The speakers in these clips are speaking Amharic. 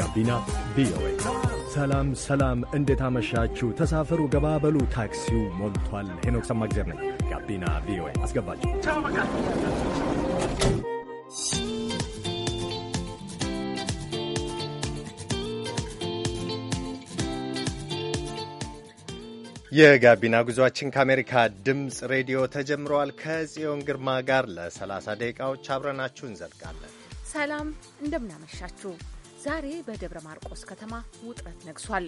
ጋቢና ቪኦኤ። ሰላም ሰላም፣ እንዴት አመሻችሁ? ተሳፈሩ፣ ገባበሉ፣ ታክሲው ሞልቷል። ሄኖክ ሰማግዜር ነኝ። ጋቢና ቪኦኤ አስገባችሁ። የጋቢና ጉዟችን ከአሜሪካ ድምፅ ሬዲዮ ተጀምረዋል። ከጽዮን ግርማ ጋር ለ30 ደቂቃዎች አብረናችሁ እንዘልቃለን። ሰላም እንደምናመሻችሁ ዛሬ በደብረ ማርቆስ ከተማ ውጥረት ነግሷል።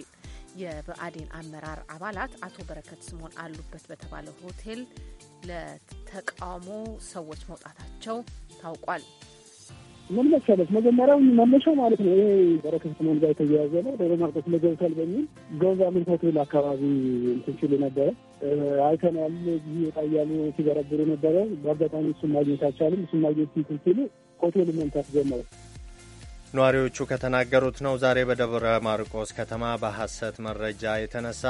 የብአዴን አመራር አባላት አቶ በረከት ስምኦን አሉበት በተባለ ሆቴል ለተቃውሞ ሰዎች መውጣታቸው ታውቋል። ምን መሰለሽ መጀመሪያው መነሻው ማለት ነው ይሄ በረከት ስምኦን ጋር የተያያዘ ነው። ደብረ ማርቆስ ለገብቷል በሚል ገንዛምን ሆቴል አካባቢ እንትን ሲሉ ነበረ አይተናል። ጊዜ ወጣ እያሉ ሲገረብሩ ነበረ። በአጋጣሚ እሱን ማግኘት አልቻልም። እሱን ማግኘት ሲሉ ሆቴሉ መምታት ጀመረ። ነዋሪዎቹ ከተናገሩት ነው። ዛሬ በደብረ ማርቆስ ከተማ በሐሰት መረጃ የተነሳ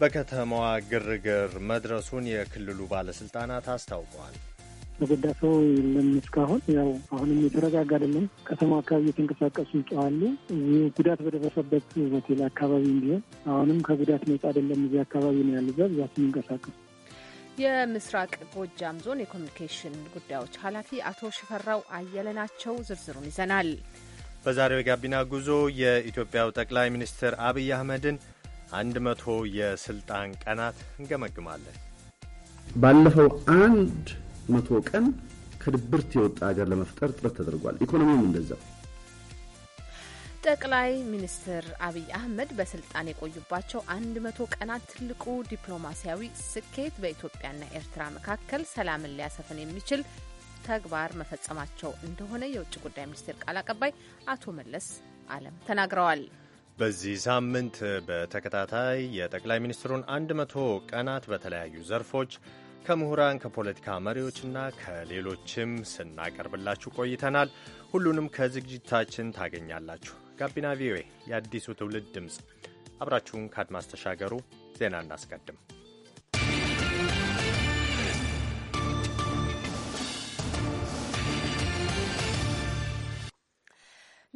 በከተማዋ ግርግር መድረሱን የክልሉ ባለስልጣናት አስታውቀዋል። በጎዳ ሰው የለም እስካሁን። ያው አሁንም የተረጋጋ አይደለም። ከተማ አካባቢ የተንቀሳቀሱ ጨዋሉ ጉዳት በደረሰበት ሆቴል አካባቢ እንዲሆን አሁንም ከጉዳት ነጻ አይደለም። እዚህ አካባቢ ነው ያሉ በብዛት የሚንቀሳቀሱ የምስራቅ ጎጃም ዞን የኮሚኒኬሽን ጉዳዮች ኃላፊ አቶ ሽፈራው አየለ ናቸው። ዝርዝሩን ይዘናል። በዛሬው የጋቢና ጉዞ የኢትዮጵያው ጠቅላይ ሚኒስትር አብይ አህመድን አንድ መቶ የስልጣን ቀናት እንገመግማለን። ባለፈው አንድ መቶ ቀን ከድብርት የወጣ ሀገር ለመፍጠር ጥረት ተደርጓል። ኢኮኖሚውም እንደዛው። ጠቅላይ ሚኒስትር አብይ አህመድ በስልጣን የቆዩባቸው አንድ መቶ ቀናት ትልቁ ዲፕሎማሲያዊ ስኬት በኢትዮጵያና ኤርትራ መካከል ሰላምን ሊያሰፍን የሚችል ተግባር መፈጸማቸው እንደሆነ የውጭ ጉዳይ ሚኒስቴር ቃል አቀባይ አቶ መለስ አለም ተናግረዋል። በዚህ ሳምንት በተከታታይ የጠቅላይ ሚኒስትሩን 100 ቀናት በተለያዩ ዘርፎች ከምሁራን ከፖለቲካ መሪዎችና ከሌሎችም ስናቀርብላችሁ ቆይተናል። ሁሉንም ከዝግጅታችን ታገኛላችሁ። ጋቢና ቪኦኤ የአዲሱ ትውልድ ድምፅ፣ አብራችሁን ከአድማስ ተሻገሩ። ዜና እናስቀድም።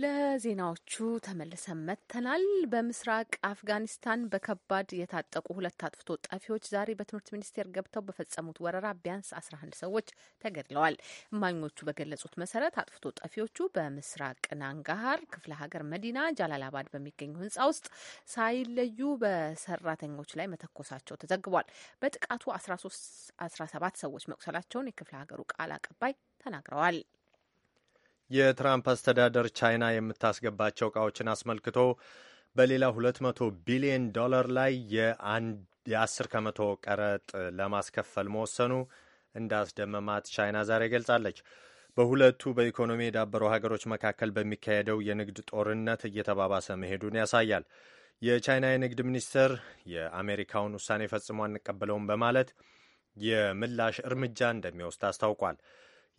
ለዜናዎቹ ተመልሰን መጥተናል። በምስራቅ አፍጋኒስታን በከባድ የታጠቁ ሁለት አጥፍቶ ጠፊዎች ዛሬ በትምህርት ሚኒስቴር ገብተው በፈጸሙት ወረራ ቢያንስ 11 ሰዎች ተገድለዋል። እማኞቹ በገለጹት መሰረት አጥፍቶ ጠፊዎቹ በምስራቅ ናንጋሃር ክፍለ ሀገር መዲና ጃላላባድ በሚገኙ ህንጻ ውስጥ ሳይለዩ በሰራተኞች ላይ መተኮሳቸው ተዘግቧል። በጥቃቱ 13 17 ሰዎች መቁሰላቸውን የክፍለ ሀገሩ ቃል አቀባይ ተናግረዋል። የትራምፕ አስተዳደር ቻይና የምታስገባቸው እቃዎችን አስመልክቶ በሌላ 200 ቢሊዮን ዶላር ላይ የ10 ከመቶ ቀረጥ ለማስከፈል መወሰኑ እንዳስደመማት ቻይና ዛሬ ገልጻለች። በሁለቱ በኢኮኖሚ የዳበሩ ሀገሮች መካከል በሚካሄደው የንግድ ጦርነት እየተባባሰ መሄዱን ያሳያል። የቻይና የንግድ ሚኒስትር የአሜሪካውን ውሳኔ ፈጽሞ አንቀበለውም በማለት የምላሽ እርምጃ እንደሚወስድ አስታውቋል።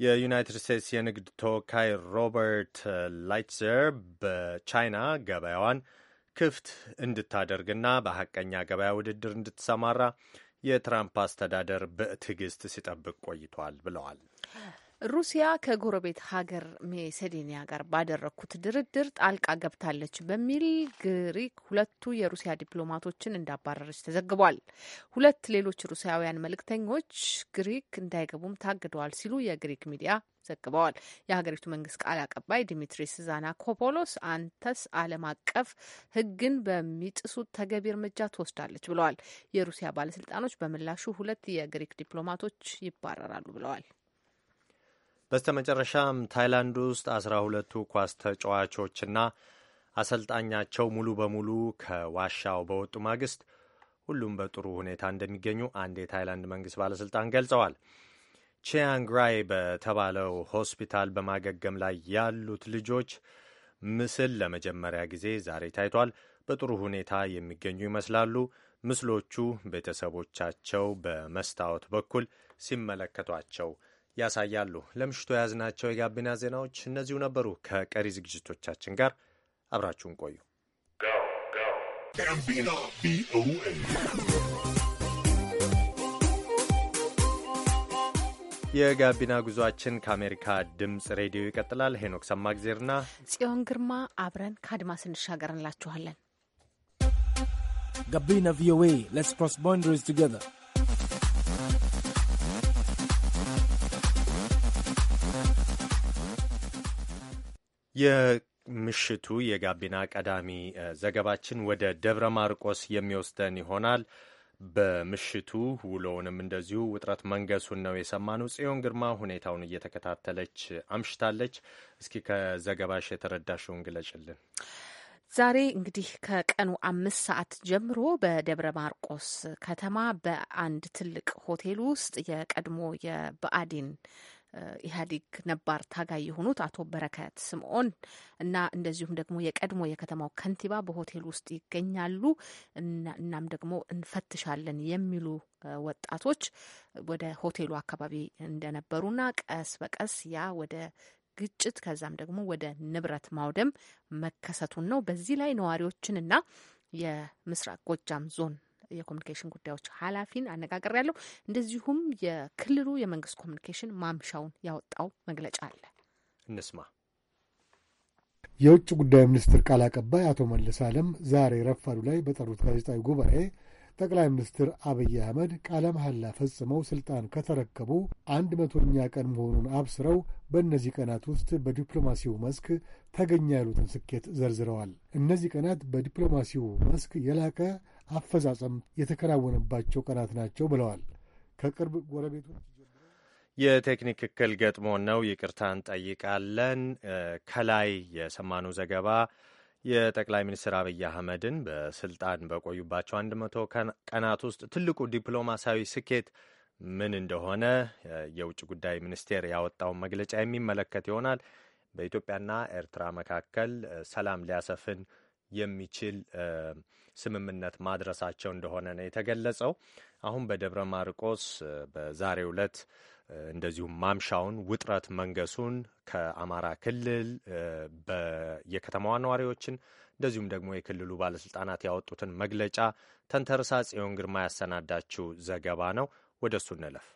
የዩናይትድ ስቴትስ የንግድ ተወካይ ሮበርት ላይትዘር በቻይና ገበያዋን ክፍት እንድታደርግና በሐቀኛ ገበያ ውድድር እንድትሰማራ የትራምፕ አስተዳደር በትዕግስት ሲጠብቅ ቆይቷል ብለዋል። ሩሲያ ከጎረቤት ሀገር ሜሴዴኒያ ጋር ባደረግኩት ድርድር ጣልቃ ገብታለች በሚል ግሪክ ሁለቱ የሩሲያ ዲፕሎማቶችን እንዳባረረች ተዘግቧል። ሁለት ሌሎች ሩሲያውያን መልእክተኞች ግሪክ እንዳይገቡም ታግደዋል ሲሉ የግሪክ ሚዲያ ዘግበዋል። የሀገሪቱ መንግስት ቃል አቀባይ ዲሚትሪስ ዛናኮፖሎስ አንተስ ዓለም አቀፍ ሕግን በሚጥሱ ተገቢ እርምጃ ትወስዳለች ብለዋል። የሩሲያ ባለስልጣኖች በምላሹ ሁለት የግሪክ ዲፕሎማቶች ይባረራሉ ብለዋል። በስተመጨረሻም ታይላንድ ውስጥ አስራ ሁለቱ ኳስ ተጫዋቾችና አሰልጣኛቸው ሙሉ በሙሉ ከዋሻው በወጡ ማግስት ሁሉም በጥሩ ሁኔታ እንደሚገኙ አንድ የታይላንድ መንግስት ባለስልጣን ገልጸዋል። ቺያንግራይ በተባለው ሆስፒታል በማገገም ላይ ያሉት ልጆች ምስል ለመጀመሪያ ጊዜ ዛሬ ታይቷል። በጥሩ ሁኔታ የሚገኙ ይመስላሉ። ምስሎቹ ቤተሰቦቻቸው በመስታወት በኩል ሲመለከቷቸው ያሳያሉ። ለምሽቱ የያዝናቸው የጋቢና ዜናዎች እነዚሁ ነበሩ። ከቀሪ ዝግጅቶቻችን ጋር አብራችሁን ቆዩ። የጋቢና ጉዟችን ከአሜሪካ ድምፅ ሬዲዮ ይቀጥላል። ሄኖክ ሰማግዜርና ጽዮን ግርማ አብረን ከአድማስ እንሻገር እንላችኋለን። ጋቢና ቪኦኤ ሌትስ ክሮስ ባውንደሪስ ቱጌዘር የምሽቱ የጋቢና ቀዳሚ ዘገባችን ወደ ደብረ ማርቆስ የሚወስደን ይሆናል። በምሽቱ ውሎውንም እንደዚሁ ውጥረት መንገሱን ነው የሰማነው። ጽዮን ግርማ ሁኔታውን እየተከታተለች አምሽታለች። እስኪ ከዘገባሽ የተረዳሽውን ግለጭልን። ዛሬ እንግዲህ ከቀኑ አምስት ሰዓት ጀምሮ በደብረ ማርቆስ ከተማ በአንድ ትልቅ ሆቴል ውስጥ የቀድሞ የብአዴን ኢህአዴግ ነባር ታጋይ የሆኑት አቶ በረከት ስምዖን እና እንደዚሁም ደግሞ የቀድሞ የከተማው ከንቲባ በሆቴል ውስጥ ይገኛሉ። እናም ደግሞ እንፈትሻለን የሚሉ ወጣቶች ወደ ሆቴሉ አካባቢ እንደነበሩና ቀስ በቀስ ያ ወደ ግጭት ከዛም ደግሞ ወደ ንብረት ማውደም መከሰቱን ነው። በዚህ ላይ ነዋሪዎችን የምስራቅ ጎጃም ዞን የኮሚኒኬሽን ጉዳዮች ኃላፊን ያለው። እንደዚሁም የክልሉ የመንግስት ኮሚኒኬሽን ማምሻውን ያወጣው መግለጫ አለ። እንስማ። የውጭ ጉዳይ ሚኒስትር ቃል አቀባይ አቶ መለስ አለም ዛሬ ረፋዱ ላይ በጠሩት ጋዜጣዊ ጉባኤ ጠቅላይ ሚኒስትር አብይ አህመድ ቃለ መሐላ ፈጽመው ስልጣን ከተረከቡ አንድ መቶኛ ቀን መሆኑን አብስረው በእነዚህ ቀናት ውስጥ በዲፕሎማሲው መስክ ተገኘ ያሉትን ስኬት ዘርዝረዋል። እነዚህ ቀናት በዲፕሎማሲው መስክ የላቀ አፈጻጸም የተከናወነባቸው ቀናት ናቸው ብለዋል። ከቅርብ ጎረቤቶች የቴክኒክ እክል ገጥሞን ነው ይቅርታ እንጠይቃለን። ከላይ የሰማኑ ዘገባ የጠቅላይ ሚኒስትር አብይ አህመድን በስልጣን በቆዩባቸው አንድ መቶ ቀናት ውስጥ ትልቁ ዲፕሎማሲያዊ ስኬት ምን እንደሆነ የውጭ ጉዳይ ሚኒስቴር ያወጣውን መግለጫ የሚመለከት ይሆናል። በኢትዮጵያና ኤርትራ መካከል ሰላም ሊያሰፍን የሚችል ስምምነት ማድረሳቸው እንደሆነ ነው የተገለጸው። አሁን በደብረ ማርቆስ በዛሬ ዕለት እንደዚሁም ማምሻውን ውጥረት መንገሱን ከአማራ ክልል የከተማዋ ነዋሪዎችን እንደዚሁም ደግሞ የክልሉ ባለስልጣናት ያወጡትን መግለጫ ተንተርሳ ጽዮን ግርማ ያሰናዳችው ዘገባ ነው። ወደ እሱ እንለፍ።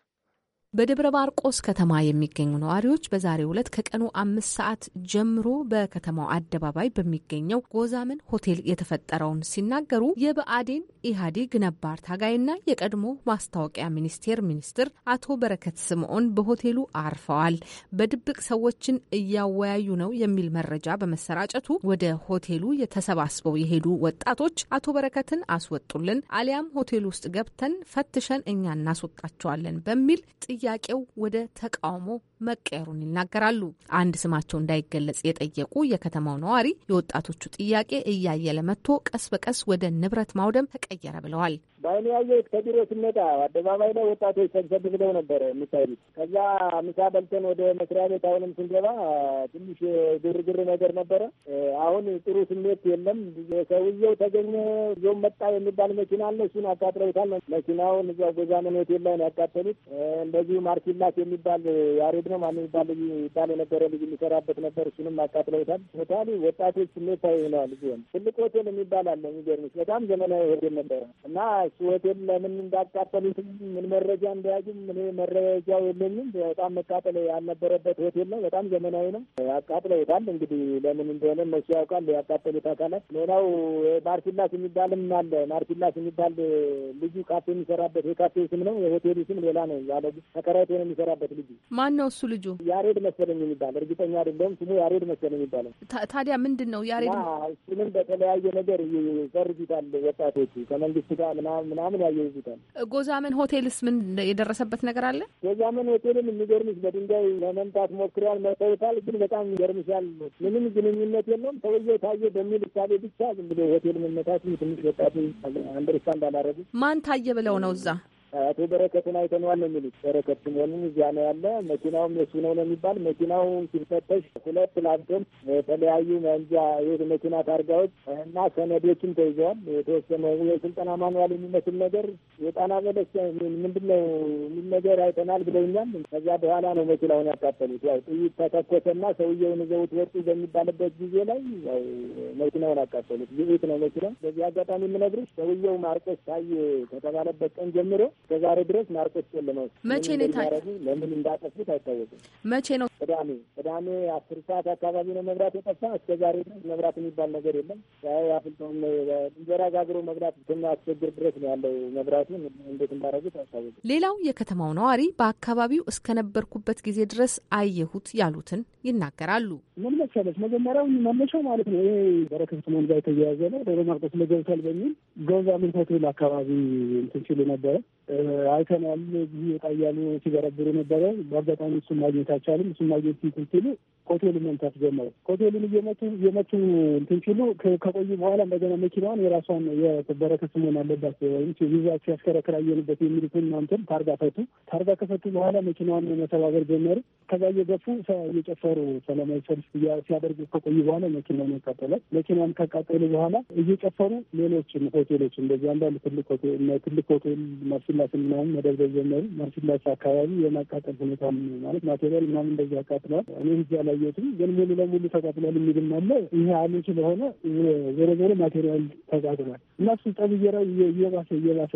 በደብረ ማርቆስ ከተማ የሚገኙ ነዋሪዎች በዛሬው ዕለት ከቀኑ አምስት ሰዓት ጀምሮ በከተማው አደባባይ በሚገኘው ጎዛምን ሆቴል የተፈጠረውን ሲናገሩ የብአዴን ኢህአዴግ ነባር ታጋይና የቀድሞ ማስታወቂያ ሚኒስቴር ሚኒስትር አቶ በረከት ስምዖን በሆቴሉ አርፈዋል። በድብቅ ሰዎችን እያወያዩ ነው የሚል መረጃ በመሰራጨቱ ወደ ሆቴሉ የተሰባስበው የሄዱ ወጣቶች አቶ በረከትን አስወጡልን፣ አሊያም ሆቴሉ ውስጥ ገብተን ፈትሸን እኛ እናስወጣቸዋለን በሚል ጥያ ጥያቄው ወደ ተቃውሞ መቀየሩን ይናገራሉ። አንድ ስማቸው እንዳይገለጽ የጠየቁ የከተማው ነዋሪ የወጣቶቹ ጥያቄ እያየለ መጥቶ ቀስ በቀስ ወደ ንብረት ማውደም ተቀየረ ብለዋል። በአይኔ ያየሁት ከቢሮ ስንመጣ አደባባይ ላይ ወጣቶች ሰብሰብ ብለው ነበረ የሚታዩት። ከዛ ምሳ በልተን ወደ መስሪያ ቤት አሁንም ስንገባ ትንሽ ግርግር ነገር ነበረ። አሁን ጥሩ ስሜት የለም። ሰውየው ተገኘ ዞም መጣ የሚባል መኪና አለ። እሱን አቃጥለውታል። መኪናውን እዛው ጎዛመን ሆቴል ላይ ነው ያቃጠሉት። እንደዚሁ ማርኪላስ የሚባል ያሬድ ነው ማን ይባል ይባል የነበረ ልጅ የሚሰራበት ነበር። እሱንም አቃጥለውታል። ሆታሊ ወጣቶች ስሜታዊ ሆነዋል። ሆን ትልቅ ሆቴል የሚባል አለ። የሚገርምሽ በጣም ዘመናዊ ሆቴል ነበረ እና እሱ ሆቴል ለምን እንዳቃጠሉትም ምን መረጃ እንደያዙም እኔ መረጃው የለኝም። በጣም መቃጠል ያልነበረበት ሆቴል ነው። በጣም ዘመናዊ ነው። አቃጥለውታል። እንግዲህ ለምን እንደሆነ እነሱ ያውቃል ያቃጠሉት አካላት። ሌላው ማርሲላስ የሚባልም አለ። ማርሲላስ የሚባል ልጁ ካፌ የሚሰራበት የካፌ ስም ነው። የሆቴሉ ስም ሌላ ነው። ያለ ተከራይቶ ነው የሚሰራበት ልጁ ማን ነው እሱ ልጁ ያሬድ መሰለኝ የሚባል እርግጠኛ አይደለም ስሙ ያሬድ መሰለኝ የሚባለው። ታዲያ ምንድን ነው ያሬድ? እሱንም በተለያየ ነገር ይፈርጁታል ወጣቶቹ ከመንግስት ጋር ምናምን ያያይዙታል። ጎዛመን ሆቴልስ ምን የደረሰበት ነገር አለ? ጎዛመን ሆቴልም የሚገርምሽ በድንጋይ ለመምታት ሞክረዋል፣ መተውታል። ግን በጣም ይገርምሻል፣ ምንም ግንኙነት የለውም ሰውየው ታየ በሚል እሳቤ ብቻ ዝም ብሎ ሆቴል መመታቱ ትንሽ ወጣቱ አንደርስታንድ አላረጉ። ማን ታየ ብለው ነው እዛ አቶ በረከትን አይተነዋል ነው የሚሉት። በረከት ስምኦንም እዚያ ነው ያለ። መኪናውም የሱ ነው ነው የሚባል መኪናው ሲፈተሽ ሁለት ላፕቶፕ፣ የተለያዩ መንጃ የት መኪና ታርጋዎች እና ሰነዶችም ተይዘዋል። የተወሰነ የስልጠና ማንዋል የሚመስል ነገር የጣና በለስ ምንድን ነው የሚል ነገር አይተናል ብለውኛል። ከዚያ በኋላ ነው መኪናውን ያቃጠሉት። ያው ጥይት ተተኮሰና ሰውየውን ይዘውት ወጡ በሚባልበት ጊዜ ላይ ያው መኪናውን አቃጠሉት። ይት ነው መኪና። በዚህ አጋጣሚ የምነግርሽ ሰውየው ማርቆስ ታዬ ከተባለበት ቀን ጀምሮ ከዛሬ ድረስ ማርቆች የለመው መቼ ነው የታረጉ? ለምን እንዳጠፉት አይታወቅም። መቼ ነው? ቅዳሜ ቅዳሜ አስር ሰዓት አካባቢ ነው መብራት የጠፋ። እስከዛሬ ድረስ መብራት የሚባል ነገር የለም። አፍልተውም እንጀራ ጋግሮ መብራት እስከሚያስቸግር ድረስ ነው ያለው። መብራቱ። እንዴት እንዳረጉት አይታወቅም። ሌላው የከተማው ነዋሪ በአካባቢው እስከነበርኩበት ጊዜ ድረስ አየሁት ያሉትን ይናገራሉ። ምን መሰለሽ መጀመሪያው መነሻው ማለት ነው ይሄ በረከት ስምኦን ጋር የተያያዘ ነው። ደብረ ማርቆስ ለገብቷል በሚል ገዛ ምን አካባቢ እንትን ሲሉ ነበረ አይተናል። ብዙ ወጣ እያሉ ሲበረብሩ ነበረ። በአጋጣሚ እሱን ማግኘት አልቻልም። እሱን ማግኘት እንትን ሲሉ ኮቴሉን መምታት ጀመሩ። ሆቴሉን እየመቱ እየመቱ እንትን ሲሉ ከቆዩ በኋላ እንደገና መኪናዋን የራሷን የበረከት መሆን አለባት ወይም ይዛቸው ያሽከረክር አየንበት የሚሉትን ማምትን ታርጋ ፈቱ። ታርጋ ከፈቱ በኋላ መኪናዋን መተባበር ጀመሩ። ከዛ እየገፉ እየጨፈሩ ሰላማዊ ሰልፍ ሲያደርጉ ከቆዩ በኋላ መኪናን ያቃጠለ። መኪናን ካቃጠሉ በኋላ እየጨፈሩ ሌሎችን ሆቴሎች እንደዚህ አንዳንድ ትልቅ ሆቴል ትልቅ ሆቴል ማሲላ እሳት ምናምን መደብደብ ጀመሩ። ማርፊላሽ አካባቢ የማቃጠል ሁኔታ ማለት ማቴሪያል ምናምን እንደዚህ አቃጥሏል። እኔ ህዚ አላየሁትም፣ ግን ሙሉ ለሙሉ ተቃጥሏል የሚልም አለ። ይሄ አሉ ስለሆነ ዞሮ ዞሮ ማቴሪያል ተቃጥሏል እና እሱ ጠብ እየባሰ እየባሰ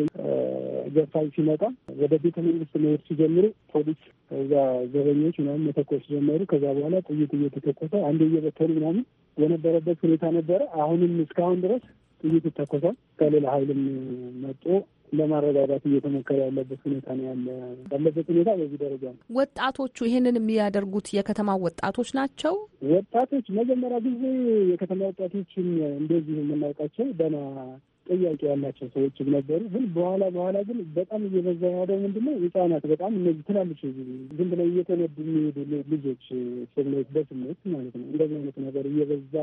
ገፋይ ሲመጣ ወደ ቤተ መንግስት መሄድ ሲጀምሩ ፖሊስ እዛ ዘበኞች ምናምን መተኮስ ጀመሩ። ከዛ በኋላ ጥይት እየተተኮሰ አንድ እየበተሉ ምናምን የነበረበት ሁኔታ ነበረ። አሁንም እስካሁን ድረስ ጥይት ይተኮሳል። ከሌላ ሀይልም መጦ ለማረጋጋት እየተሞከረ ያለበት ሁኔታ ነው ያለ ያለበት ሁኔታ በዚህ ደረጃ ነው። ወጣቶቹ ይህንን የሚያደርጉት የከተማ ወጣቶች ናቸው። ወጣቶች መጀመሪያ ጊዜ የከተማ ወጣቶችን እንደዚህ የምናውቃቸው ገና ጥያቄ ያላቸው ሰዎችም ነበሩ። ግን በኋላ በኋላ ግን በጣም እየበዛ ያለው ምንድነው ህጻናት በጣም እነዚህ ትላልች ዝም ብለው እየተነዱ የሚሄዱ ልጆች ስሜት በስሜት ማለት ነው እንደዚህ አይነት ነገር እየበዛ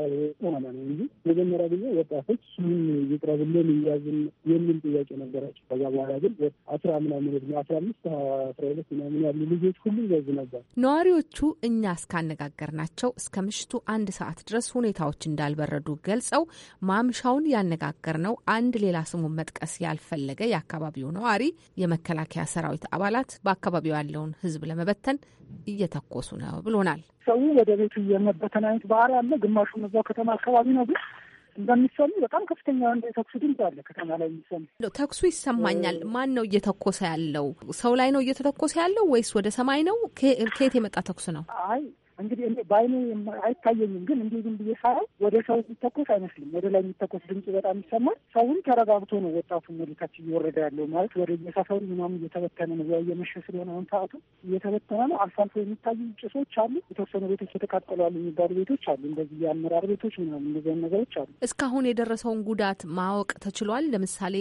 በኋላ ነው እንጂ መጀመሪያ ጊዜ ወጣቶች ምን ይቅረብልን እያዝን የሚል ጥያቄ ነበራቸው። ከዛ በኋላ ግን አስራ ምናምን እድሜ አስራ አምስት አስራ ሁለት ምናምን ያሉ ልጆች ሁሉ ይበዝ ነበር። ነዋሪዎቹ እኛ እስካነጋገር ናቸው እስከ ምሽቱ አንድ ሰዓት ድረስ ሁኔታዎች እንዳልበረዱ ገልጸው ማምሻውን ያነጋገር ነው አንድ ሌላ ስሙን መጥቀስ ያልፈለገ የአካባቢው ነዋሪ የመከላከያ ሰራዊት አባላት በአካባቢው ያለውን ሕዝብ ለመበተን እየተኮሱ ነው ብሎናል። ሰው ወደ ቤቱ የመበተን አይነት ባህሪ አለ። ግማሹ እዛው ከተማ አካባቢ ነው ግን እንደሚሰሙ በጣም ከፍተኛ ወንድ የተኩሱ ድምጽ አለ ከተማ ላይ የሚሰሙ። ተኩሱ ይሰማኛል። ማን ነው እየተኮሰ ያለው? ሰው ላይ ነው እየተተኮሰ ያለው ወይስ ወደ ሰማይ ነው? ከየት የመጣ ተኩስ ነው? አይ እንግዲህ እኔ አይታየኝም፣ ግን እንዲሁ ዝም ብዬ ሳየው ወደ ሰው የሚተኮስ አይመስልም። ወደ ላይ የሚተኮስ ድምጽ በጣም ይሰማል። ሰውን ተረጋግቶ ነው ወጣቱ ታች እየወረደ ያለው ማለት ወደ የሰፈሩ ምናምን እየተበተነ ነው። ያ እየመሸ ስለሆነ አሁን ሰዓቱ እየተበተነ ነው። አልፎ አልፎ የሚታዩ ጭሶች አሉ። የተወሰኑ ቤቶች የተቃጠሉ አሉ የሚባሉ ቤቶች አሉ። እንደዚህ የአመራር ቤቶች ምናምን እነዚያ ነገሮች አሉ። እስካሁን የደረሰውን ጉዳት ማወቅ ተችሏል። ለምሳሌ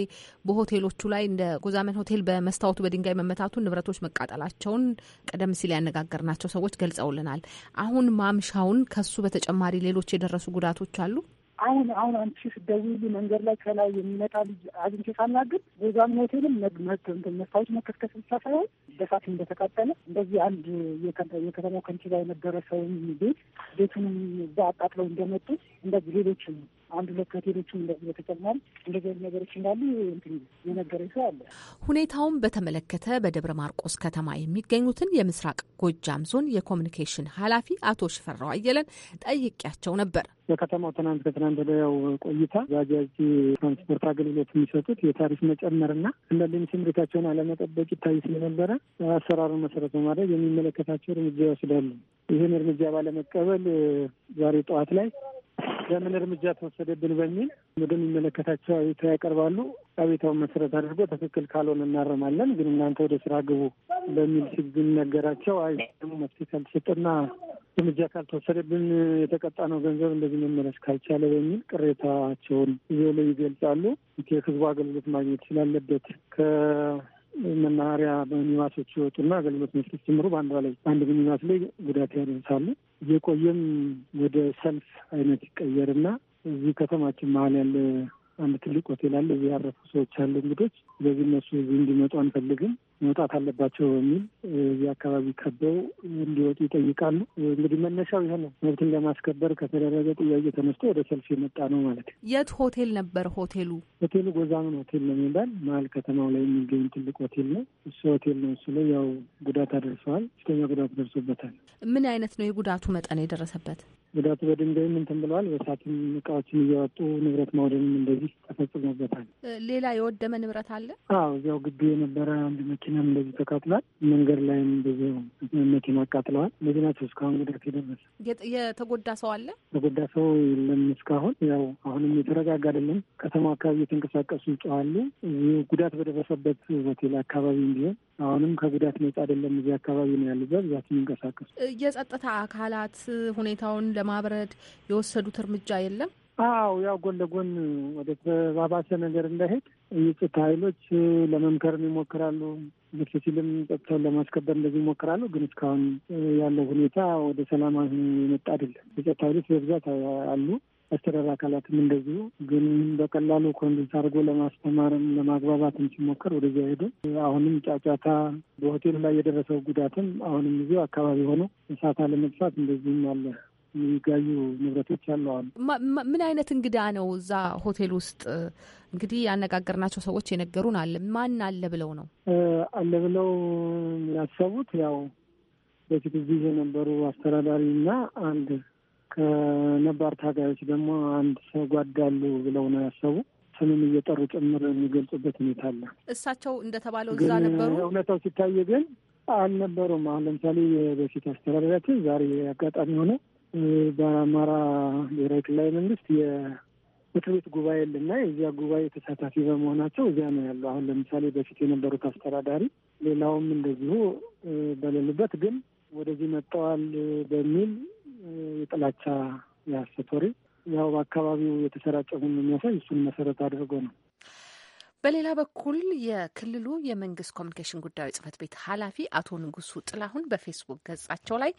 በሆቴሎቹ ላይ እንደ ጎዛመን ሆቴል በመስታወቱ በድንጋይ መመታቱን፣ ንብረቶች መቃጠላቸውን ቀደም ሲል ያነጋገርናቸው ሰዎች ገልጸውልናል። አሁን ማምሻውን ከሱ በተጨማሪ ሌሎች የደረሱ ጉዳቶች አሉ። አሁን አሁን አንቺ ስትደውዪ መንገድ ላይ ከላይ የሚመጣ ልጅ አግኝቼ ሳናግር ጎዛምን ሆቴልም መስታወት መከስከስ ብቻ ሳይሆን በሳት እንደተቃጠለ እንደዚህ አንድ የከተማው ከንቲባ የነበረ ሰውን ቤት ቤቱንም እዛ አቃጥለው እንደመጡ እንደዚህ ሌሎችም አንድ ሁለት ሆቴሎችም እንደዚህ በተጨማሪ እንደዚህ ነገሮች እንዳሉ የነገረኝ ሰው አለ። ሁኔታውን በተመለከተ በደብረ ማርቆስ ከተማ የሚገኙትን የምስራቅ ጎጃም ዞን የኮሚኒኬሽን ኃላፊ አቶ ሽፈራው አየለን ጠይቄያቸው ነበር። በከተማው ትናንት ከትናንት ወዲያው ቆይታ ባጃጅ ትራንስፖርት አገልግሎት የሚሰጡት የታሪፍ መጨመርና አንዳንድ ስምሪታቸውን አለመጠበቅ ይታይ ስለነበረ አሰራሩን መሰረት በማድረግ የሚመለከታቸው እርምጃ ይወስዳሉ። ይህን እርምጃ ባለመቀበል ዛሬ ጠዋት ላይ ለምን እርምጃ ተወሰደብን በሚል ወደሚመለከታቸው አቤታ ያቀርባሉ። አቤታውን መሰረት አድርጎ ትክክል ካልሆነ እናረማለን፣ ግን እናንተ ወደ ስራ ግቡ በሚል ሲነገራቸው አይ ደግሞ መፍትሄ ካልተሰጠና እርምጃ ካልተወሰደብን የተቀጣ ነው ገንዘብ እንደዚህ መመለስ ካልቻለ በሚል ቅሬታቸውን ይዘው ላይ ይገልጻሉ። ህዝቡ አገልግሎት ማግኘት ስላለበት ከ መናኸሪያ በሚኒባሶች ይወጡና አገልግሎት መስጠት ጀምሮ በአንድ ላይ አንድ ሚኒባስ ላይ ጉዳት ያደርሳሉ። እየቆየም ወደ ሰልፍ አይነት ይቀየርና እዚህ ከተማችን መሀል ያለ አንድ ትልቅ ሆቴል አለ። እዚህ ያረፉ ሰዎች አሉ፣ እንግዶች። ስለዚህ እነሱ እዚህ እንዲመጡ አንፈልግም መውጣት አለባቸው በሚል እዚህ አካባቢ ከበው እንዲወጡ ይጠይቃሉ። እንግዲህ መነሻው ይሄ ነው። መብትን ለማስከበር ከተደረገ ጥያቄ ተነስቶ ወደ ሰልፍ የመጣ ነው ማለት ነው። የት ሆቴል ነበር? ሆቴሉ ሆቴሉ ጎዛምን ሆቴል ነው የሚባል መሀል ከተማው ላይ የሚገኝ ትልቅ ሆቴል ነው። እሱ ሆቴል ነው። እሱ ላይ ያው ጉዳት አደርሰዋል። ከፍተኛ ጉዳት ደርሶበታል። ምን አይነት ነው የጉዳቱ መጠን የደረሰበት? ጉዳቱ በድንጋይም እንትን ብለዋል። በሳትም እቃዎችን እያወጡ ንብረት ማውደንም እንደዚህ ተፈጽሞበታል። ሌላ የወደመ ንብረት አለ? አዎ እዚያው ግቢ የነበረ አንድ መኪናም እንደዚህ ተቃጥሏል። መንገድ ላይም ብዙ መኪና አቃጥለዋል። እንደዚህ ናቸው እስካሁን ጉዳት የደረሰ። የተጎዳ ሰው አለ? ተጎዳ ሰው የለም እስካሁን። ያው አሁንም የተረጋጋ አይደለም። ከተማ አካባቢ የተንቀሳቀሱ ይጮዋሉ። ጉዳት በደረሰበት ሆቴል አካባቢ እንዲሆን አሁንም ከጉዳት ነጻ አይደለም። እዚህ አካባቢ ነው ያሉበት ዛት የሚንቀሳቀሱ የጸጥታ አካላት ሁኔታውን ለ ለማብረድ የወሰዱት እርምጃ የለም? አዎ ያው ጎን ለጎን ወደ ተባባሰ ነገር እንዳይሄድ የጸጥታ ኃይሎች ለመምከርም ይሞክራሉ። ግድ ሲልም ጸጥታውን ለማስከበር እንደዚህ ይሞክራሉ። ግን እስካሁን ያለው ሁኔታ ወደ ሰላም የመጣ አይደለም። የጸጥታ ኃይሎች በብዛት አሉ። አስተዳደር አካላትም እንደዚሁ ግን በቀላሉ ኮንቪንስ አድርጎ ለማስተማርም ለማግባባትም ሲሞከር ወደዚያ ሄዱ። አሁንም ጫጫታ፣ በሆቴሉ ላይ የደረሰው ጉዳትም አሁንም ጊዜው አካባቢ ሆነው እሳት አለመጥፋት እንደዚህም አለ። የሚጋዩ ንብረቶች ያለዋል። ምን አይነት እንግዳ ነው እዛ ሆቴል ውስጥ? እንግዲህ ያነጋገርናቸው ሰዎች የነገሩን አለ ማን አለ ብለው ነው አለ ብለው ያሰቡት ያው በፊት እዚህ የነበሩ አስተዳዳሪ እና አንድ ከነባር ታጋዮች ደግሞ አንድ ሰው ጓዳሉ ብለው ነው ያሰቡ። ስምም እየጠሩ ጭምር የሚገልጹበት ሁኔታ አለ። እሳቸው እንደተባለው እዛ ነበሩ። እውነታው ሲታይ ግን አልነበሩም። አሁን ለምሳሌ የበፊት አስተዳዳሪያችን ዛሬ አጋጣሚ ሆነ በአማራ ብሔራዊ ክልላዊ መንግስት የምክር ቤት ጉባኤ ልና የዚያ ጉባኤ ተሳታፊ በመሆናቸው እዚያ ነው ያለው። አሁን ለምሳሌ በፊት የነበሩት አስተዳዳሪ፣ ሌላውም እንደዚሁ በሌሉበት ግን ወደዚህ መጥተዋል በሚል የጥላቻ የሐሰት ወሬ ያው በአካባቢው የተሰራጨ ሁሉ የሚያሳይ እሱን መሰረት አድርጎ ነው በሌላ በኩል የክልሉ የመንግስት ኮሚኒኬሽን ጉዳዮች ጽህፈት ቤት ኃላፊ አቶ ንጉሱ ጥላሁን በፌስቡክ ገጻቸው ላይ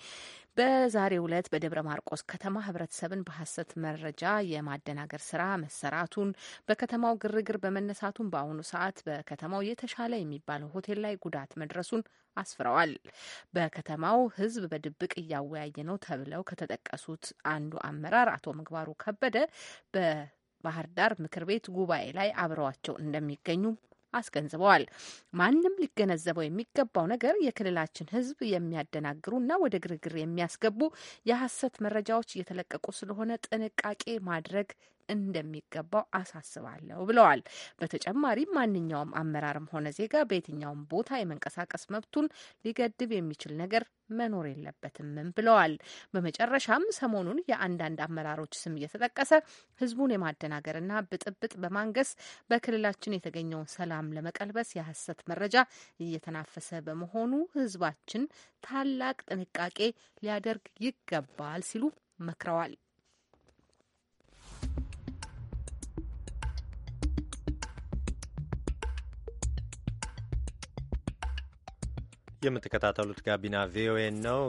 በዛሬው ዕለት በደብረ ማርቆስ ከተማ ህብረተሰብን በሀሰት መረጃ የማደናገር ስራ መሰራቱን፣ በከተማው ግርግር በመነሳቱን በአሁኑ ሰዓት በከተማው የተሻለ የሚባለው ሆቴል ላይ ጉዳት መድረሱን አስፍረዋል። በከተማው ህዝብ በድብቅ እያወያየ ነው ተብለው ከተጠቀሱት አንዱ አመራር አቶ ምግባሩ ከበደ ባህር ዳር ምክር ቤት ጉባኤ ላይ አብረዋቸው እንደሚገኙ አስገንዝበዋል። ማንም ሊገነዘበው የሚገባው ነገር የክልላችን ሕዝብ ና ወደ ግርግር የሚያስገቡ የሐሰት መረጃዎች እየተለቀቁ ስለሆነ ጥንቃቄ ማድረግ እንደሚገባው አሳስባለሁ ብለዋል። በተጨማሪም ማንኛውም አመራርም ሆነ ዜጋ በየትኛውም ቦታ የመንቀሳቀስ መብቱን ሊገድብ የሚችል ነገር መኖር የለበትምም ብለዋል። በመጨረሻም ሰሞኑን የአንዳንድ አመራሮች ስም እየተጠቀሰ ህዝቡን የማደናገርና ብጥብጥ በማንገስ በክልላችን የተገኘውን ሰላም ለመቀልበስ የሐሰት መረጃ እየተናፈሰ በመሆኑ ህዝባችን ታላቅ ጥንቃቄ ሊያደርግ ይገባል ሲሉ መክረዋል። የምትከታተሉት ጋቢና ቪኦኤ ነው።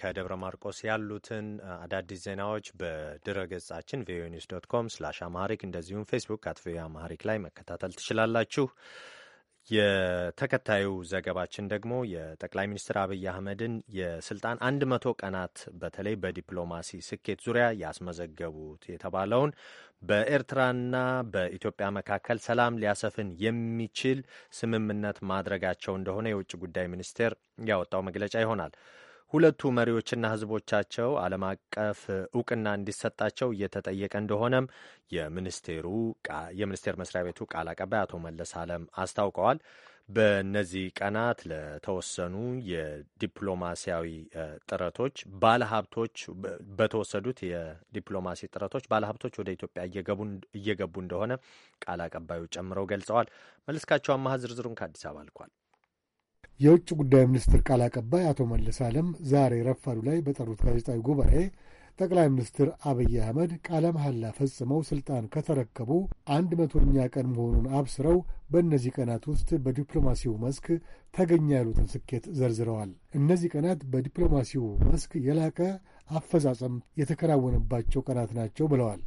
ከደብረ ማርቆስ ያሉትን አዳዲስ ዜናዎች በድረገጻችን ቪኦኤ ኒውስ ዶት ኮም ስላሽ አማሪክ እንደዚሁም ፌስቡክ አት ቪኦኤ አማሪክ ላይ መከታተል ትችላላችሁ። የተከታዩ ዘገባችን ደግሞ የጠቅላይ ሚኒስትር አብይ አህመድን የስልጣን አንድ መቶ ቀናት በተለይ በዲፕሎማሲ ስኬት ዙሪያ ያስመዘገቡት የተባለውን በኤርትራና በኢትዮጵያ መካከል ሰላም ሊያሰፍን የሚችል ስምምነት ማድረጋቸው እንደሆነ የውጭ ጉዳይ ሚኒስቴር ያወጣው መግለጫ ይሆናል። ሁለቱ መሪዎችና ህዝቦቻቸው ዓለም አቀፍ እውቅና እንዲሰጣቸው እየተጠየቀ እንደሆነም የሚኒስቴሩ የሚኒስቴር መስሪያ ቤቱ ቃል አቀባይ አቶ መለስ አለም አስታውቀዋል። በእነዚህ ቀናት ለተወሰኑ የዲፕሎማሲያዊ ጥረቶች ባለሀብቶች በተወሰዱት የዲፕሎማሲ ጥረቶች ባለሀብቶች ወደ ኢትዮጵያ እየገቡ እንደሆነ ቃል አቀባዩ ጨምረው ገልጸዋል። መለስካቸው አማሃ ዝርዝሩን ከአዲስ አበባ ልኳል። የውጭ ጉዳይ ሚኒስትር ቃል አቀባይ አቶ መለስ ዓለም ዛሬ ረፋዱ ላይ በጠሩት ጋዜጣዊ ጉባኤ ጠቅላይ ሚኒስትር አብይ አህመድ ቃለ መሐላ ፈጽመው ስልጣን ከተረከቡ አንድ መቶኛ ቀን መሆኑን አብስረው በእነዚህ ቀናት ውስጥ በዲፕሎማሲው መስክ ተገኘ ያሉትን ስኬት ዘርዝረዋል። እነዚህ ቀናት በዲፕሎማሲው መስክ የላቀ አፈጻጸም የተከናወነባቸው ቀናት ናቸው ብለዋል።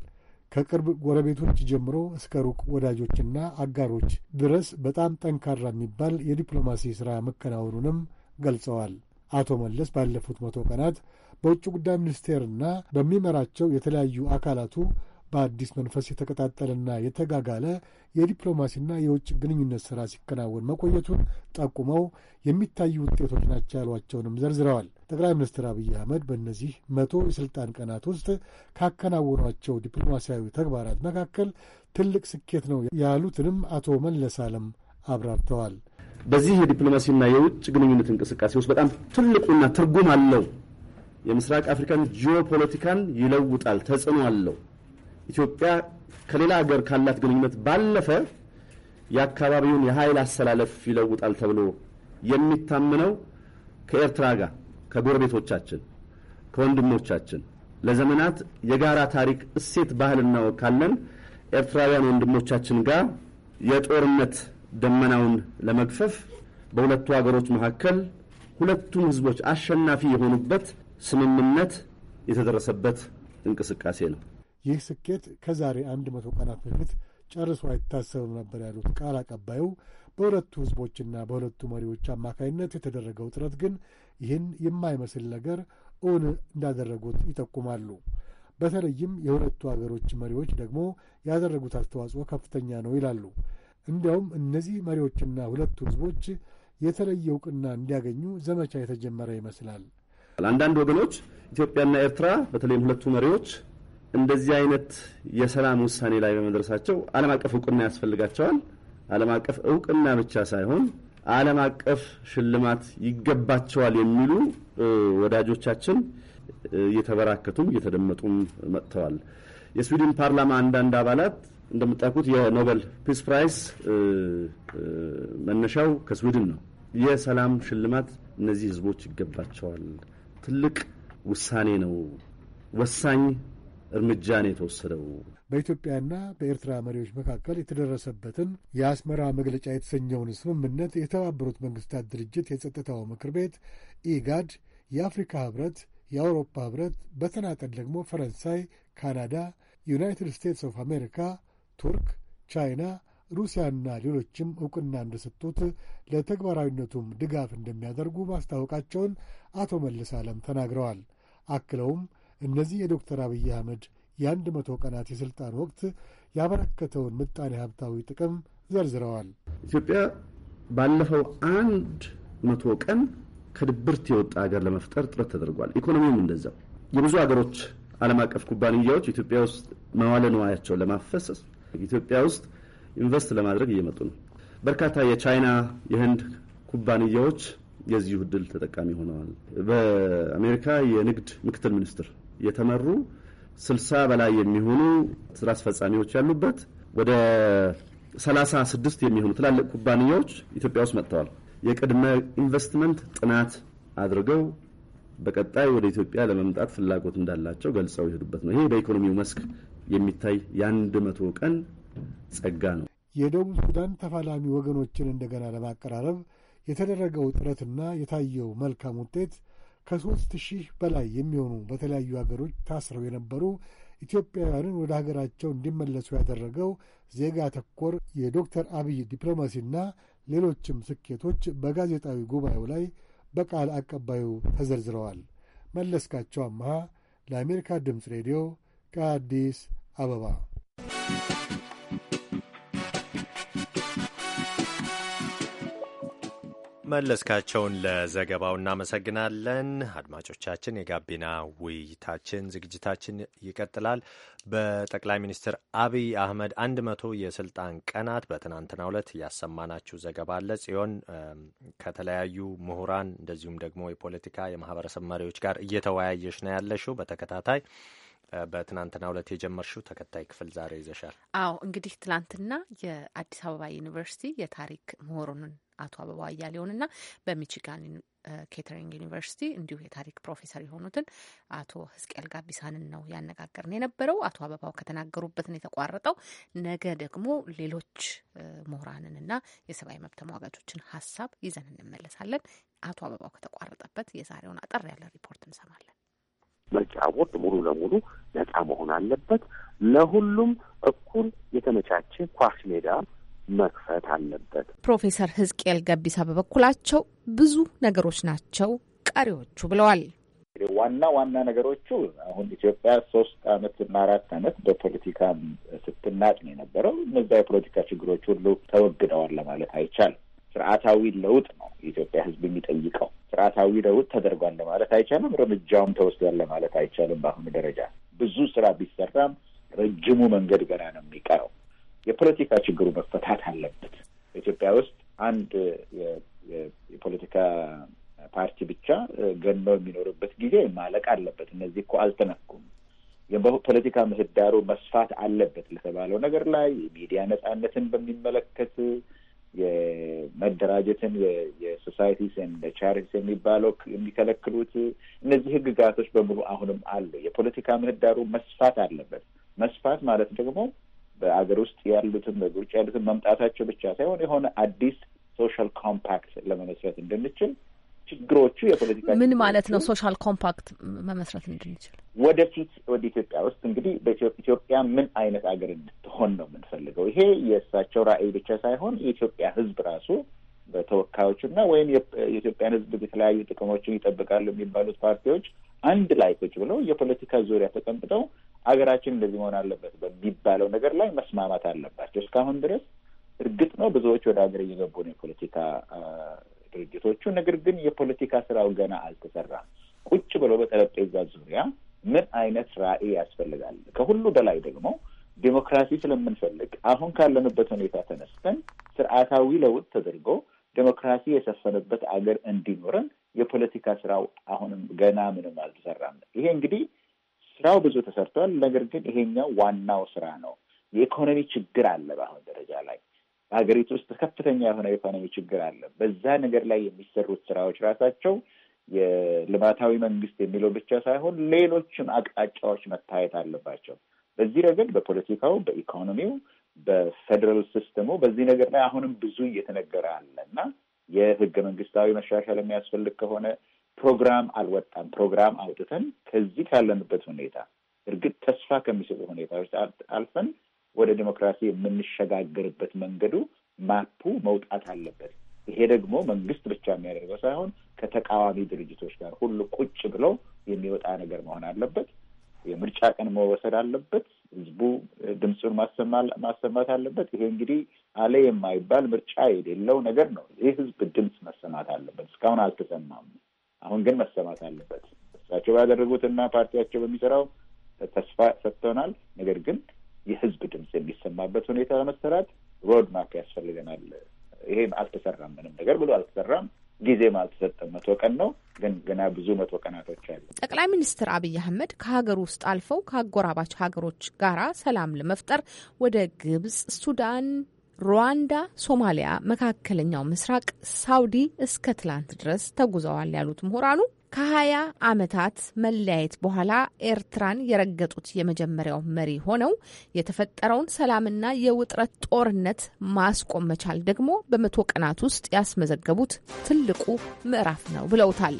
ከቅርብ ጎረቤቶች ጀምሮ እስከ ሩቅ ወዳጆችና አጋሮች ድረስ በጣም ጠንካራ የሚባል የዲፕሎማሲ ሥራ መከናወኑንም ገልጸዋል። አቶ መለስ ባለፉት መቶ ቀናት በውጭ ጉዳይ ሚኒስቴርና በሚመራቸው የተለያዩ አካላቱ በአዲስ መንፈስ የተቀጣጠለና የተጋጋለ የዲፕሎማሲና የውጭ ግንኙነት ሥራ ሲከናወን መቆየቱን ጠቁመው የሚታዩ ውጤቶች ናቸው ያሏቸውንም ዘርዝረዋል። ጠቅላይ ሚኒስትር አብይ አህመድ በእነዚህ መቶ የሥልጣን ቀናት ውስጥ ካከናወኗቸው ዲፕሎማሲያዊ ተግባራት መካከል ትልቅ ስኬት ነው ያሉትንም አቶ መለስ አለም አብራርተዋል። በዚህ የዲፕሎማሲና የውጭ ግንኙነት እንቅስቃሴ ውስጥ በጣም ትልቁና ትርጉም አለው የምስራቅ አፍሪካን ጂኦፖለቲካን ይለውጣል፣ ተጽዕኖ አለው። ኢትዮጵያ ከሌላ ሀገር ካላት ግንኙነት ባለፈ የአካባቢውን የኃይል አሰላለፍ ይለውጣል ተብሎ የሚታመነው ከኤርትራ ጋር ከጎረቤቶቻችን፣ ከወንድሞቻችን ለዘመናት የጋራ ታሪክ፣ እሴት፣ ባህል እናወካለን። ካለን ኤርትራውያን ወንድሞቻችን ጋር የጦርነት ደመናውን ለመግፈፍ በሁለቱ ሀገሮች መካከል ሁለቱም ህዝቦች አሸናፊ የሆኑበት ስምምነት የተደረሰበት እንቅስቃሴ ነው። ይህ ስኬት ከዛሬ አንድ መቶ ቀናት በፊት ጨርሶ አይታሰብም ነበር ያሉት ቃል አቀባዩ በሁለቱ ህዝቦችና በሁለቱ መሪዎች አማካይነት የተደረገው ጥረት ግን ይህን የማይመስል ነገር እውን እንዳደረጉት ይጠቁማሉ። በተለይም የሁለቱ አገሮች መሪዎች ደግሞ ያደረጉት አስተዋጽኦ ከፍተኛ ነው ይላሉ። እንዲያውም እነዚህ መሪዎችና ሁለቱ ህዝቦች የተለየ እውቅና እንዲያገኙ ዘመቻ የተጀመረ ይመስላል። አንዳንድ ወገኖች ኢትዮጵያና ኤርትራ በተለይም ሁለቱ መሪዎች እንደዚህ አይነት የሰላም ውሳኔ ላይ በመድረሳቸው ዓለም አቀፍ እውቅና ያስፈልጋቸዋል ዓለም አቀፍ እውቅና ብቻ ሳይሆን ዓለም አቀፍ ሽልማት ይገባቸዋል የሚሉ ወዳጆቻችን እየተበራከቱም እየተደመጡም መጥተዋል። የስዊድን ፓርላማ አንዳንድ አባላት እንደምታውቁት የኖበል ፒስ ፕራይስ መነሻው ከስዊድን ነው። የሰላም ሽልማት እነዚህ ህዝቦች ይገባቸዋል። ትልቅ ውሳኔ ነው። ወሳኝ እርምጃ ነው የተወሰደው። በኢትዮጵያና በኤርትራ መሪዎች መካከል የተደረሰበትን የአስመራ መግለጫ የተሰኘውን ስምምነት የተባበሩት መንግስታት ድርጅት የጸጥታው ምክር ቤት፣ ኢጋድ፣ የአፍሪካ ህብረት፣ የአውሮፓ ህብረት በተናጠል ደግሞ ፈረንሳይ፣ ካናዳ፣ ዩናይትድ ስቴትስ ኦፍ አሜሪካ፣ ቱርክ፣ ቻይና፣ ሩሲያና ሌሎችም እውቅና እንደሰጡት ለተግባራዊነቱም ድጋፍ እንደሚያደርጉ ማስታወቃቸውን አቶ መለስ ዓለም ተናግረዋል። አክለውም እነዚህ የዶክተር አብይ አህመድ የአንድ መቶ ቀናት የሥልጣን ወቅት ያበረከተውን ምጣኔ ሀብታዊ ጥቅም ዘርዝረዋል። ኢትዮጵያ ባለፈው አንድ መቶ ቀን ከድብርት የወጣ ሀገር ለመፍጠር ጥረት ተደርጓል። ኢኮኖሚውም እንደዛው የብዙ ሀገሮች ዓለም አቀፍ ኩባንያዎች ኢትዮጵያ ውስጥ መዋለ ንዋያቸውን ለማፈሰስ ኢትዮጵያ ውስጥ ኢንቨስት ለማድረግ እየመጡ ነው። በርካታ የቻይና የህንድ ኩባንያዎች የዚሁ እድል ተጠቃሚ ሆነዋል። በአሜሪካ የንግድ ምክትል ሚኒስትር የተመሩ ስልሳ በላይ የሚሆኑ ስራ አስፈጻሚዎች ያሉበት ወደ ሰላሳ ስድስት የሚሆኑ ትላልቅ ኩባንያዎች ኢትዮጵያ ውስጥ መጥተዋል። የቅድመ ኢንቨስትመንት ጥናት አድርገው በቀጣይ ወደ ኢትዮጵያ ለመምጣት ፍላጎት እንዳላቸው ገልጸው ይሄዱበት ነው። ይሄ በኢኮኖሚው መስክ የሚታይ የአንድ መቶ ቀን ጸጋ ነው። የደቡብ ሱዳን ተፋላሚ ወገኖችን እንደገና ለማቀራረብ የተደረገው ጥረትና የታየው መልካም ውጤት ከሦስት ሺህ በላይ የሚሆኑ በተለያዩ ሀገሮች ታስረው የነበሩ ኢትዮጵያውያንን ወደ ሀገራቸው እንዲመለሱ ያደረገው ዜጋ ተኮር የዶክተር አብይ ዲፕሎማሲና ሌሎችም ስኬቶች በጋዜጣዊ ጉባኤው ላይ በቃል አቀባዩ ተዘርዝረዋል። መለስካቸው አመሃ ለአሜሪካ ድምፅ ሬዲዮ ከአዲስ አበባ መለስካቸውን ለዘገባው እናመሰግናለን። አድማጮቻችን፣ የጋቢና ውይይታችን ዝግጅታችን ይቀጥላል። በጠቅላይ ሚኒስትር አብይ አህመድ አንድ መቶ የስልጣን ቀናት በትናንትናው ዕለት ያሰማናችሁ ዘገባ አለ። ጽዮን ከተለያዩ ምሁራን እንደዚሁም ደግሞ የፖለቲካ የማህበረሰብ መሪዎች ጋር እየተወያየሽ ነው ያለሽው በተከታታይ በትናንትና ሁለት የጀመርሽው ተከታይ ክፍል ዛሬ ይዘሻል። አዎ እንግዲህ ትናንትና የአዲስ አበባ ዩኒቨርሲቲ የታሪክ ምሁሩን አቶ አበባ አያሌውንና በሚችጋን ኬተሪንግ ዩኒቨርሲቲ እንዲሁ የታሪክ ፕሮፌሰር የሆኑትን አቶ ህዝቅኤል ጋቢሳንን ነው ያነጋገርን የነበረው። አቶ አበባው ከተናገሩበት ነው የተቋረጠው። ነገ ደግሞ ሌሎች ምሁራንንና የሰብአዊ መብት ተሟጋቾችን ሀሳብ ይዘን እንመለሳለን። አቶ አበባው ከተቋረጠበት የዛሬውን አጠር ያለ ሪፖርት እንሰማለን። ምርጫ ቦርድ ሙሉ ለሙሉ ነጻ መሆን አለበት። ለሁሉም እኩል የተመቻቸ ኳስ ሜዳ መክፈት አለበት። ፕሮፌሰር ህዝቅኤል ገቢሳ በበኩላቸው ብዙ ነገሮች ናቸው ቀሪዎቹ ብለዋል። ዋና ዋና ነገሮቹ አሁን ኢትዮጵያ ሶስት አመት እና አራት አመት በፖለቲካ ስትናጥ ነው የነበረው። እነዛ የፖለቲካ ችግሮች ሁሉ ተወግደዋል ለማለት አይቻልም። ስርዓታዊ ለውጥ ነው የኢትዮጵያ ህዝብ የሚጠይቀው። ስርዓታዊ ለውጥ ተደርጓል ለማለት አይቻልም። እርምጃውም ተወስዷል ለማለት አይቻልም። በአሁኑ ደረጃ ብዙ ስራ ቢሰራም ረጅሙ መንገድ ገና ነው የሚቀረው። የፖለቲካ ችግሩ መፈታት አለበት። በኢትዮጵያ ውስጥ አንድ የፖለቲካ ፓርቲ ብቻ ገኖ የሚኖርበት ጊዜ ማለቅ አለበት። እነዚህ እኮ አልተነኩም። የፖለቲካ ምህዳሩ መስፋት አለበት ለተባለው ነገር ላይ የሚዲያ ነጻነትን በሚመለከት የመደራጀትን የሶሳይቲስ ቻሪቲስ የሚባለው የሚከለክሉት እነዚህ ህግጋቶች በሙሉ አሁንም አሉ። የፖለቲካ ምህዳሩ መስፋት አለበት። መስፋት ማለት ደግሞ በአገር ውስጥ ያሉትን በውጭ ያሉትን መምጣታቸው ብቻ ሳይሆን የሆነ አዲስ ሶሻል ኮምፓክት ለመመስረት እንድንችል ችግሮቹ የፖለቲካ ምን ማለት ነው? ሶሻል ኮምፓክት መመስረት እንድንችል ወደፊት ወደ ኢትዮጵያ ውስጥ እንግዲህ በኢትዮጵያ ምን አይነት አገር እንድትሆን ነው የምንፈልገው? ይሄ የእሳቸው ራዕይ ብቻ ሳይሆን የኢትዮጵያ ሕዝብ ራሱ በተወካዮቹና ወይም የኢትዮጵያን ሕዝብ የተለያዩ ጥቅሞችን ይጠብቃሉ የሚባሉት ፓርቲዎች አንድ ላይ ቁጭ ብለው የፖለቲካ ዙሪያ ተቀምጠው ሀገራችን እንደዚህ መሆን አለበት በሚባለው ነገር ላይ መስማማት አለባቸው። እስካሁን ድረስ እርግጥ ነው ብዙዎች ወደ ሀገር እየገቡ ነው የፖለቲካ ድርጅቶቹ። ነገር ግን የፖለቲካ ስራው ገና አልተሰራም። ቁጭ ብሎ በጠረጴዛ ዙሪያ ምን አይነት ራዕይ ያስፈልጋል? ከሁሉ በላይ ደግሞ ዴሞክራሲ ስለምንፈልግ አሁን ካለንበት ሁኔታ ተነስተን ስርዓታዊ ለውጥ ተደርጎ ዴሞክራሲ የሰፈነበት አገር እንዲኖረን የፖለቲካ ስራው አሁንም ገና ምንም አልተሰራም። ይሄ እንግዲህ ስራው ብዙ ተሰርቷል። ነገር ግን ይሄኛው ዋናው ስራ ነው። የኢኮኖሚ ችግር አለ። በአሁን ደረጃ ላይ በሀገሪቱ ውስጥ ከፍተኛ የሆነ የኢኮኖሚ ችግር አለ። በዛ ነገር ላይ የሚሰሩት ስራዎች ራሳቸው የልማታዊ መንግስት የሚለው ብቻ ሳይሆን ሌሎችም አቅጣጫዎች መታየት አለባቸው። በዚህ ረገድ በፖለቲካው፣ በኢኮኖሚው፣ በፌዴራል ሲስተሙ በዚህ ነገር ላይ አሁንም ብዙ እየተነገረ አለ እና የህገ መንግስታዊ መሻሻል የሚያስፈልግ ከሆነ ፕሮግራም አልወጣም። ፕሮግራም አውጥተን ከዚህ ካለንበት ሁኔታ እርግጥ ተስፋ ከሚሰጡ ሁኔታዎች አልፈን ወደ ዲሞክራሲ የምንሸጋገርበት መንገዱ ማፑ መውጣት አለበት። ይሄ ደግሞ መንግስት ብቻ የሚያደርገው ሳይሆን ከተቃዋሚ ድርጅቶች ጋር ሁሉ ቁጭ ብለው የሚወጣ ነገር መሆን አለበት። የምርጫ ቀን መወሰድ አለበት። ህዝቡ ድምፁን ማሰማት አለበት። ይሄ እንግዲህ አለ የማይባል ምርጫ የሌለው ነገር ነው። ይህ ህዝብ ድምፅ መሰማት አለበት። እስካሁን አልተሰማም። አሁን ግን መሰማት አለበት። እሳቸው ባደረጉትና ፓርቲያቸው በሚሰራው ተስፋ ሰጥተናል። ነገር ግን የህዝብ ድምፅ የሚሰማበት ሁኔታ ለመሰራት ሮድማፕ ያስፈልገናል። ይሄም አልተሰራም፣ ምንም ነገር ብሎ አልተሰራም። ጊዜም አልተሰጠም። መቶ ቀን ነው ግን ገና ብዙ መቶ ቀናቶች አሉ። ጠቅላይ ሚኒስትር አብይ አህመድ ከሀገር ውስጥ አልፈው ከአጎራባች ሀገሮች ጋራ ሰላም ለመፍጠር ወደ ግብጽ፣ ሱዳን፣ ሩዋንዳ፣ ሶማሊያ፣ መካከለኛው ምስራቅ፣ ሳውዲ እስከ ትላንት ድረስ ተጉዘዋል ያሉት ምሁራኑ ከሀያ ዓመታት መለያየት በኋላ ኤርትራን የረገጡት የመጀመሪያው መሪ ሆነው የተፈጠረውን ሰላምና የውጥረት ጦርነት ማስቆም መቻል ደግሞ በመቶ ቀናት ውስጥ ያስመዘገቡት ትልቁ ምዕራፍ ነው ብለውታል።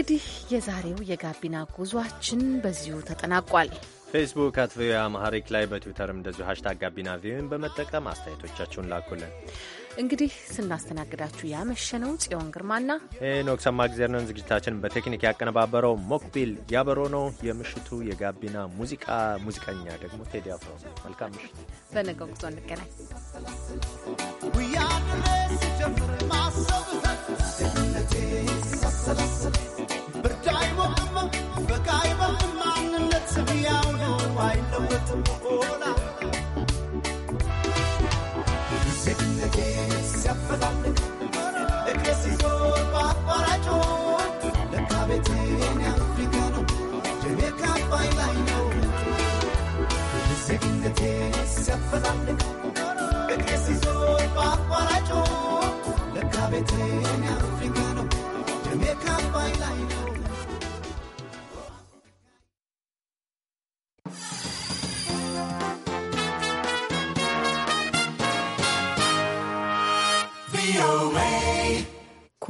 እንግዲህ የዛሬው የጋቢና ጉዟችን በዚሁ ተጠናቋል። ፌስቡክ አት አማሐሪክ ላይ በትዊተርም እንደዚሁ ሀሽታግ ጋቢና ቪኦኤን በመጠቀም አስተያየቶቻችሁን ላኩልን። እንግዲህ ስናስተናግዳችሁ ያመሸነው ጽዮን ግርማና ሄኖክ ጊዜር ነን። ዝግጅታችን በቴክኒክ ያቀነባበረው ሞክቢል ያበሮ ነው። የምሽቱ የጋቢና ሙዚቃ ሙዚቀኛ ደግሞ ቴዲ አፍሮ። መልካም ምሽት። በነገው ጉዞ እንገናኝ። Jamaica by line